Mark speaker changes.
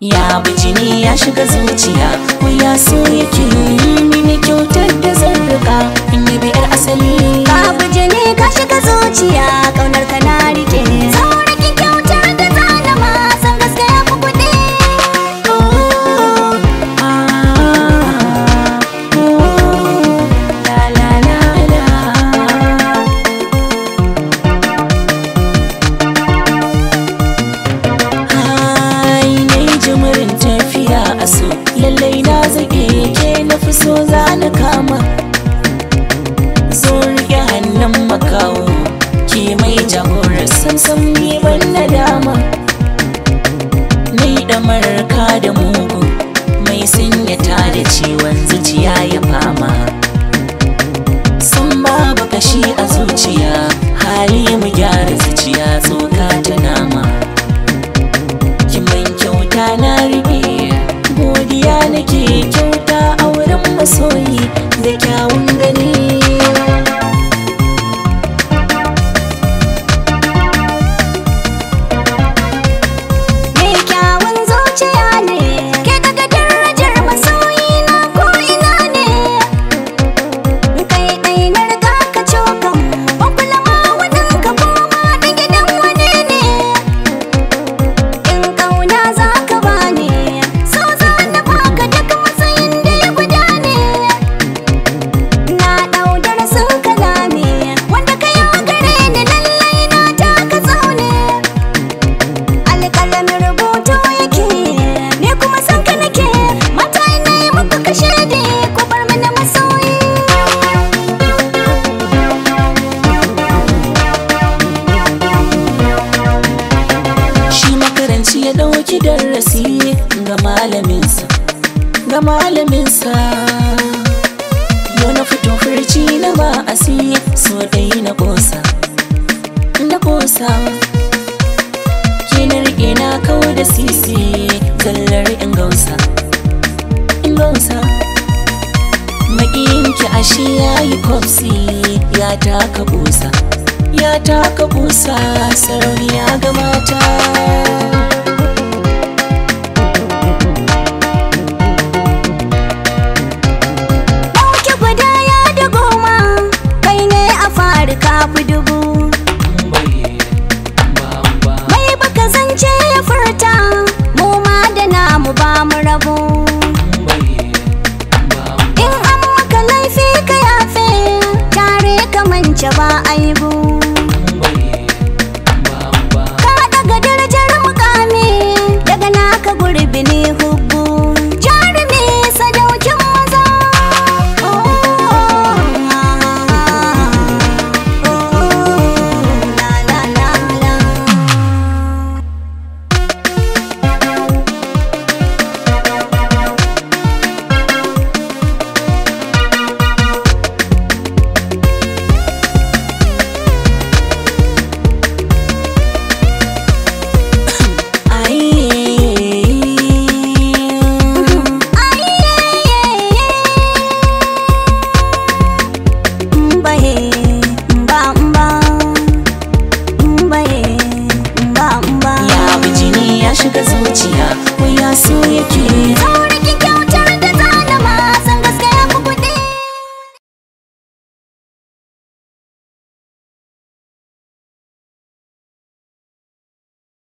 Speaker 1: ya bijini ya shiga zuciya ko ya so yake yi mini kyautar da zan rika in bi asali jagorar sansan ni ban nadama ni da marka da mu ya ɗauki darasi ga malaminsa ga malaminsa yau na fito furci na ba a siye so dai na ƙosa na ƙosa kinar na kawo da sisi zallar in gausa in gausa maƙinki ashe ya yi kofsi ya taka ƙosa ya taka ƙusa sarauniya ga mata so